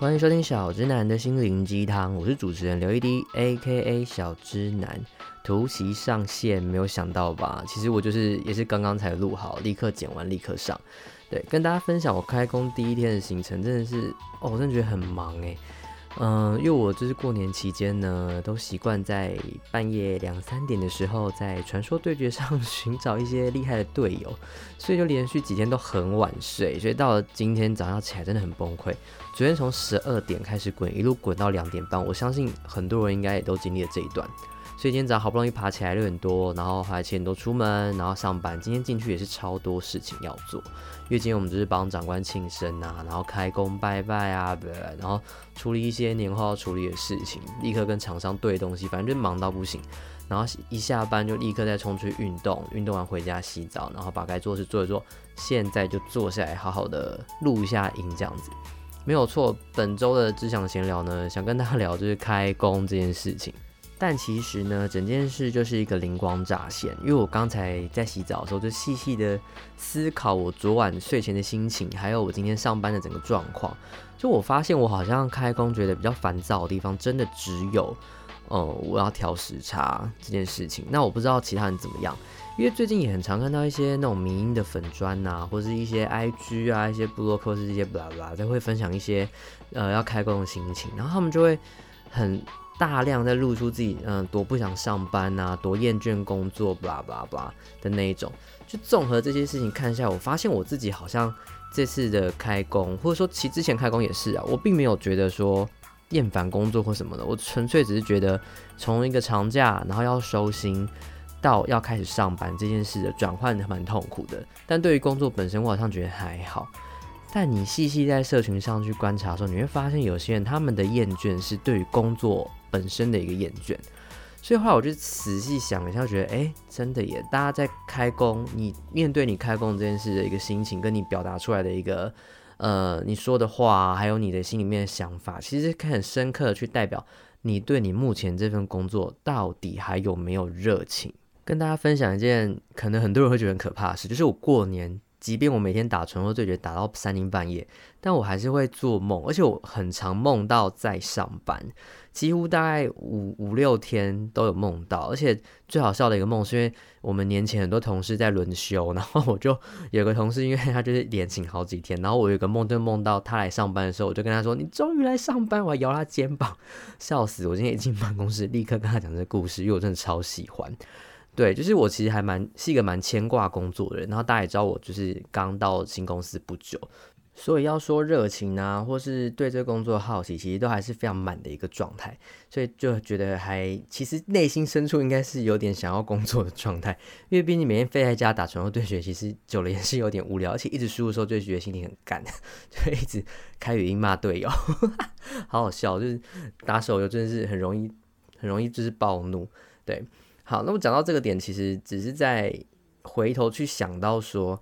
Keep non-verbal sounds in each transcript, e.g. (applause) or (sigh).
歡迎收聽小之男的心靈雞湯，我是主持人劉一滴，AKA 小之男，突襲上線，沒有想到吧？其實我就是，也是剛剛才錄好，立刻剪完，立刻上。對，跟大家分享我開工第一天的行程，真的是，哦，我真的覺得很忙誒。嗯，因為我就是過年期間呢，都習慣在半夜兩三點的時候，在傳說對決上尋找一些厲害的隊友，所以就連續幾天都很晚睡，所以到了今天早上起來真的很崩潰。昨天從十二點開始滾，一路滾到兩點半，我相信很多人應該也都經歷了這一段。所以今天早上好不容易爬起來六點多，然後還七點多出門，然後上班。今天進去也是超多事情要做。因為今天我們就是幫長官慶生吶、啊，然後開工拜拜啊，對，然後處理一些年後要處理的事情，立刻跟廠商對東西，反正就忙到不行。然後一下班就立刻再衝出去運動，運動完回家洗澡，然後把該做的事做一做。現在就坐下來好好的錄一下音，這樣子沒有錯。本週的之想閒聊呢，想跟大家聊就是開工這件事情。但其實呢，整件事就是一個靈光乍現，因為我剛才在洗澡的時候就細細的思考我昨晚睡前的心情，還有我今天上班的整個狀況，就我發現我好像開工覺得比較煩躁的地方，真的只有，呃，我要調時差這件事情。那我不知道其他人怎麼樣，因為最近也很常看到一些那種迷因的粉專吶、啊，或是一些 IG 啊，一些部落客是這些啦啦，都會分享一些，呃，要開工的心情，然後他們就會很。大量在露出自己，嗯，多不想上班啊，多厭倦工作，巴拉巴拉巴拉的那一種。就綜合這些事情看一下，我發現我自己好像這次的開工，或者說其之前開工也是啊，我並沒有覺得說厭煩工作或什麼的，我純粹只是覺得從一個長假，然後要收心到要開始上班這件事的轉換蠻痛苦的。但對於工作本身，我好像覺得還好。但你細細在社群上去觀察的時候，你會發現有些人他們的厭倦是對於工作。本身的一個厭倦，所以後來我就仔細想了一下，覺得哎、欸，真的耶，大家在開工，你面對你開工這件事的一個心情，跟你表達出來的一個呃，你說的話，還有你的心裡面的想法，其實可以很深刻的去代表你對你目前這份工作到底還有沒有熱情。跟大家分享一件可能很多人會覺得很可怕的事，就是我過年，即便我每天打傳說對決打到三更半夜，但我還是會做夢，而且我很常夢到在上班。幾乎大概五五六天都有夢到，而且最好笑的一個夢是因為我們年前很多同事在輪休，然後我就有個同事，因為他就是連請好幾天，然後我有一個夢就夢到他來上班的時候，我就跟他說：“你終於來上班！”我還搖他肩膀，笑死！我今天一進辦公室，立刻跟他講這個故事，因為我真的超喜歡。對，就是我其實還蠻是一個蠻牽掛工作的人，然後大家也知道我就是剛到新公司不久。所以要說熱情啊，或是對這個工作好奇，其實都還是非常滿的一個狀態，所以就覺得還其實內心深處應該是有點想要工作的狀態，因為畢竟每天飛在家打傳說對決，其實久了也是有點無聊，而且一直輸的時候就覺得心裡很幹，就一直開語音罵隊友， (laughs) 好好笑，就是打手遊真的是很容易，很容易就是暴怒。對，好，那麼講到這個點，其實只是在回頭去想到說。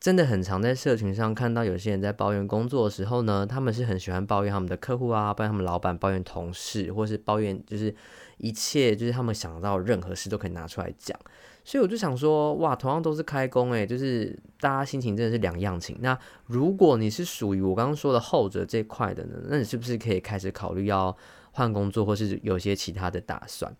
真的很常在社群上看到有些人在抱怨工作的時候呢，他們是很喜歡抱怨他們的客戶啊，抱怨他們老闆，抱怨同事，或是抱怨就是一切，就是他們想到任何事都可以拿出來講。所以我就想說，哇，同樣都是開工，欸，誒，就是大家心情真的是兩樣情。那如果你是屬於我剛剛說的後者這塊的呢，那你是不是可以開始考慮要換工作，或是有些其他的打算？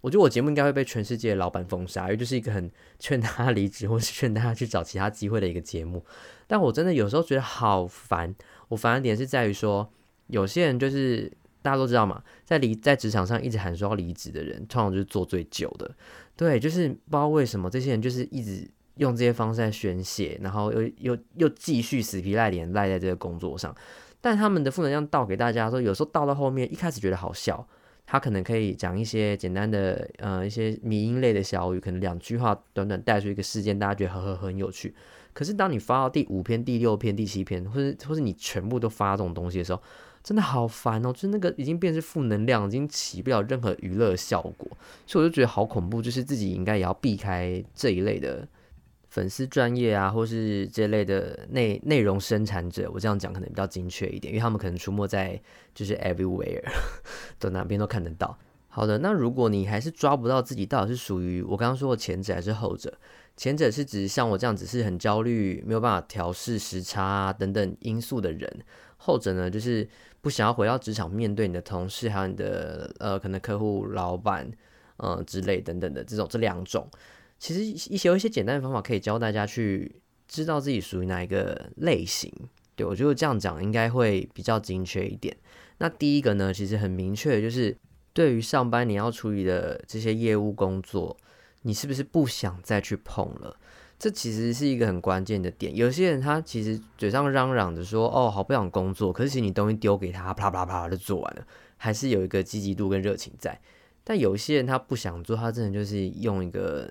我覺得我節目應該會被全世界的老闆封殺，因為就是一個很勸大家離職，或是勸大家去找其他機會的一個節目。但我真的有時候覺得好煩，我煩的點是在於說，有些人就是大家都知道嘛，在離在職場上一直喊說要離職的人，通常就是做最久的。對，就是不知道為什麼這些人就是一直用這些方式在宣洩，然後又又又繼續死皮賴臉賴在這個工作上。但他們的負能量倒給大家說，有時候倒到到後面，一開始覺得好笑。他可能可以講一些簡單的，呃，一些迷因類的小語，可能兩句話，短短帶出一個事件，大家覺得很很很有趣。可是當你發到第五篇、第六篇、第七篇，或者或是你全部都發這種東西的時候，真的好煩哦、喔！就是那個已經變成負能量，已經起不了任何娛樂效果，所以我就覺得好恐怖，就是自己應該也要避開這一類的。粉絲專業啊，或是這類的內內容生產者，我這樣講可能比較精確一點，因為他們可能出沒在就是 everywhere 都哪邊都看得到。好的，那如果你還是抓不到自己到底是屬於我剛剛說的前者還是後者，前者是指像我這樣子是很焦慮、沒有辦法調試時差、啊、等等因素的人，後者呢就是不想要回到職場面對你的同事還有你的呃可能客戶、老板呃之類等等的這種這兩種。其實一些有一些簡單的方法可以教大家去知道自己屬於哪一個類型對。對，我覺得這樣講應該會比較精確一點。那第一個呢，其實很明確，就是對於上班你要處理的這些業務工作，你是不是不想再去碰了？這其實是一個很關鍵的點。有些人他其實嘴上嚷嚷着說：“哦，好不想工作。”可是其實你東西丟給他，啪啪啪啪就做完了，還是有一個積極度跟熱情在。但有些人他不想做，他真的就是用一個。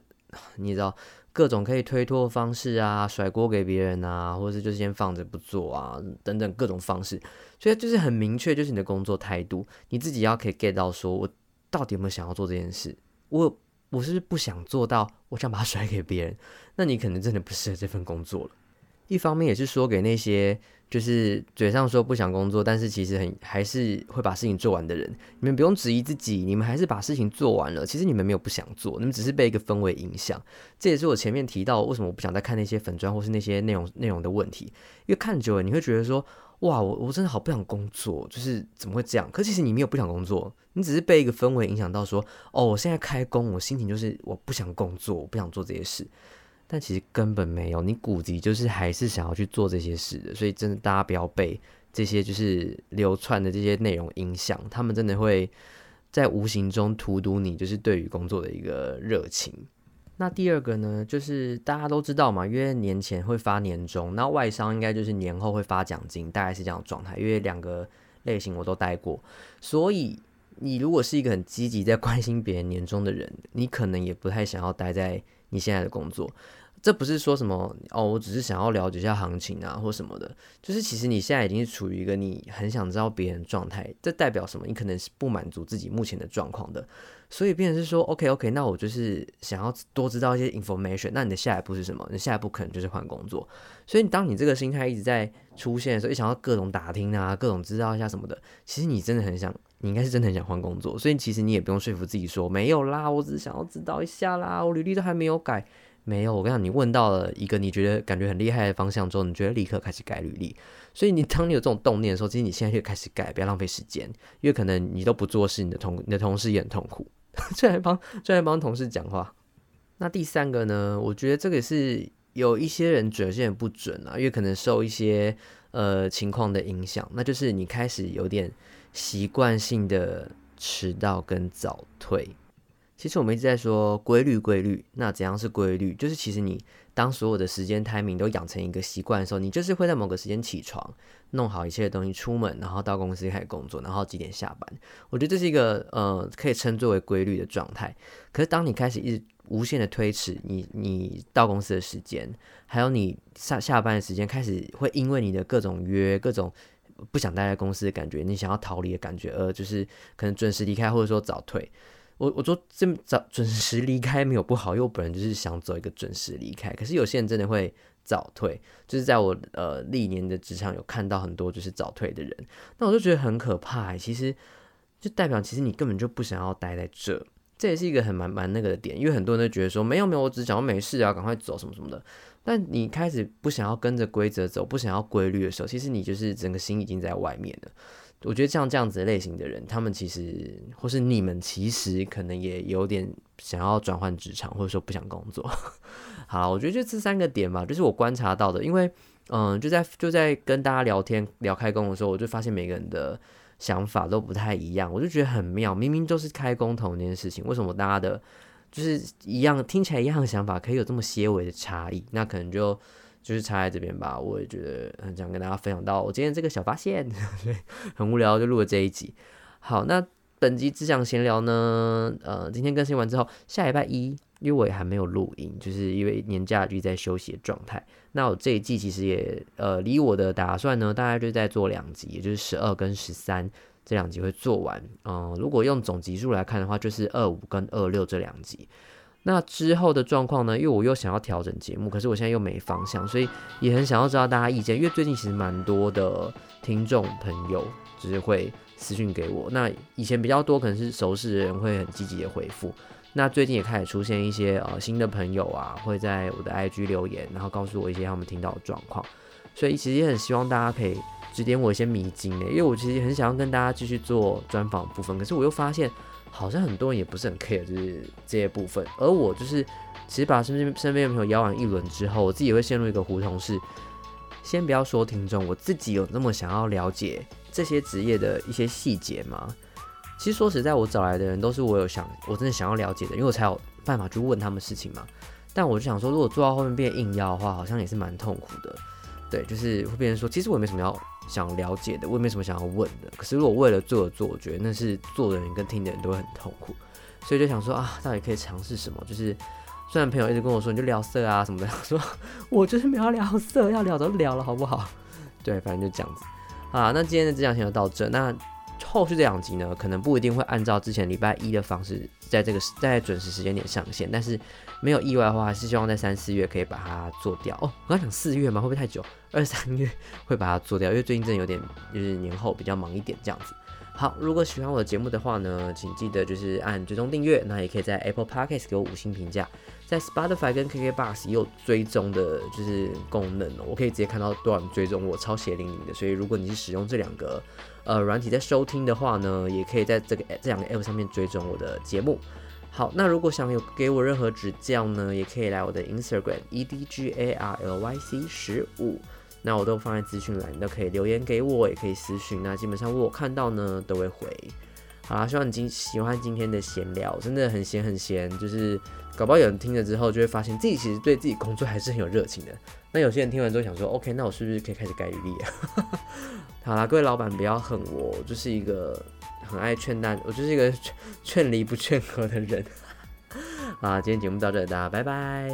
你知道各種可以推脫方式啊，甩鍋給別人啊，或者是就先放着不做啊，等等各種方式。所以就是很明確，就是你的工作態度，你自己要可以 get 到說，我到底有沒有想要做這件事？我我是不是不想做到？我想把它甩給別人？那你可能真的不適合這份工作了。一方面也是說給那些。就是嘴上說不想工作，但是其實很還是會把事情做完的人。你們不用質疑自己，你們還是把事情做完了。其實你們沒有不想做，你們只是被一個氛圍影響。這也是我前面提到為什麼我不想再看那些粉專或是那些內容內容的問題，因為看久了你會覺得說：哇，我我真的好不想工作，就是怎麼會這樣？可其實你沒有不想工作，你只是被一個氛圍影響到，說：哦，我現在開工，我心情就是我不想工作，我不想做這些事。但其實根本沒有，你骨子就是還是想要去做這些事的，所以真的大家不要被這些就是流竄的這些內容影響，他們真的會在無形中荼毒你，就是對於工作的一個熱情。那第二個呢，就是大家都知道嘛，因為年前會發年終，那外商應該就是年後會發獎金，大概是這樣的狀態。因為兩個類型我都待過，所以你如果是一個很積極在關心別人年終的人，你可能也不太想要待在你現在的工作，這不是說什麼哦，我只是想要了解一下行情啊，或什麼的，就是其實你現在已經是處於一個你很想知道別人的狀態，這代表什麼？你可能是不滿足自己目前的狀況的。所以變成是說，OK OK，那我就是想要多知道一些 information。那你的下一步是什麼？你的下一步可能就是換工作。所以當你這個心態一直在出現的時候，一想要各種打聽啊，各種知道一下什麼的，其實你真的很想，你應該是真的很想換工作。所以其實你也不用說服自己說沒有啦，我只是想要知道一下啦，我履歷都還沒有改。沒有，我跟你講，你問到了一個你覺得感覺很厲害的方向之後，你覺得立刻開始改履歷。所以你當你有這種動念的時候，其實你現在就開始改，不要浪費時間，因為可能你都不做事，你的同你的同事也很痛苦，就 (laughs) 來幫就來幫同事講話。那第三個呢？我覺得這個也是有一些人準，有些人不準啊，因為可能受一些呃情況的影響，那就是你開始有點習慣性的遲到跟早退。其實我們一直在說規律，規律。那怎樣是規律？就是其實你當所有的時間、timing 都養成一個習慣的時候，你就是會在某個時間起床，弄好一切的東西，出門，然後到公司開始工作，然後幾點下班。我覺得這是一個呃可以稱作為規律的狀態。可是當你開始一直無限的推遲你你到公司的時間，還有你上下班的時間，開始會因為你的各種約、各種不想待在公司的感覺，你想要逃離的感覺，而就是可能準時離開，或者說早退。我我說這麼早準時離開沒有不好，因為我本人就是想走一個準時離開。可是有些人真的會早退，就是在我呃歷年的職場有看到很多就是早退的人，那我就覺得很可怕。其實就代表其實你根本就不想要待在這，這也是一個很蠻蠻那個的點，因為很多人都覺得說沒有沒有，我只想我沒事啊，趕快走什麼什麼的。但你開始不想要跟着規則走，不想要規律的時候，其實你就是整個心已經在外面了。我覺得像這樣子類型的人，他們其實，或是你們其實可能也有點想要轉換職場，或者說不想工作。 (laughs) 好，我覺得就這三個點吧，就是我觀察到的。因為，嗯，就在就在跟大家聊天聊開工的時候，我就發現每個人的想法都不太一樣。我就覺得很妙，明明都是開工同一件事情，為什麼大家的就是一樣，聽起來一樣的想法，可以有這麼些微的差異？那可能就。就是插在這邊吧，我也覺得很想跟大家分享到我今天這個小發現，所以很無聊就錄了這一集。好，那本集之想閒聊呢，呃，今天更新完之後，下禮拜一，因為我也還沒有錄音，就是因為年假一直在休息的狀態。那我這一季其實也呃離我的打算呢，大概就在做兩集，也就是十二跟十三這兩集會做完。嗯、呃，如果用總集數來看的話，就是二五跟二六這兩集。那之後的狀況呢？因為我又想要調整節目，可是我現在又沒方向，所以也很想要知道大家意見。因為最近其實蠻多的聽眾朋友，就是會私訊給我。那以前比較多可能是熟識的人會很積極的回復，那最近也開始出現一些呃新的朋友啊，會在我的 IG 留言，然後告訴我一些他們聽到的狀況。所以其實也很希望大家可以指點我一些迷津誒，因為我其實很想要跟大家繼續做專訪部分，可是我又發現。好像很多人也不是很 care，就是這些部分，而我就是其實把身邊身邊的朋友邀完一輪之後，我自己也會陷入一個胡同，是先不要說聽眾，我自己有那麼想要了解這些職業的一些細節嗎？其實說實在，我找來的人都是我有想，我真的想要了解的，因為我才有辦法去問他們事情嘛。但我就想說，如果做到後面變硬要的話，好像也是蠻痛苦的。對，就是會變成說，其實我也沒什麼要，想了解的，我也沒什麼想要問的。可是如果為了做而做，我覺得那是做的人跟聽的人都會很痛苦，所以就想說啊，到底可以嘗試什麼？就是雖然朋友一直跟我說，你就聊色啊什麼的，說我就是沒有聊色，要聊都聊了，好不好？對，反正就這樣子啊。那今天的這兩集就到這，那後續這兩集呢，可能不一定會按照之前禮拜一的方式。在這個在準時時間點上線，但是沒有意外的話，是希望在三四月可以把它做掉。哦，我剛講四月嘛，會不會太久？二三月會把它做掉，因為最近真的有點就是年後比較忙一點這樣子。好，如果喜歡我的節目的話呢，請記得就是按追蹤訂閱，那也可以在 Apple Podcast 給我五星評價。在 Spotify 跟 KKBox 也有追蹤的，就是功能、喔，我可以直接看到多少人追蹤我，超血淋淋的。所以如果你是使用這兩個呃軟體在收聽的話呢，也可以在這個 A, 這兩個 App 上面追蹤我的節目。好，那如果想有給我任何指教呢，也可以來我的 Instagram edgarlyc 十五，那我都放在資訊欄，你都可以留言給我，也可以私訊、啊。那基本上我看到呢都會回。好啦，希望你今喜歡今天的閒聊，真的很閒很閒，就是。搞不好有人聽了之後，就會發現自己其實對自己工作還是很有熱情的。那有些人聽完之後想說：“OK，那我是不是可以開始改履歷啊？” (laughs) 好啦，各位老闆不要恨我，我就是一個很愛勸大家，我就是一個勸離不勸和的人啊。 (laughs) 今天節目到這裡，大家拜拜。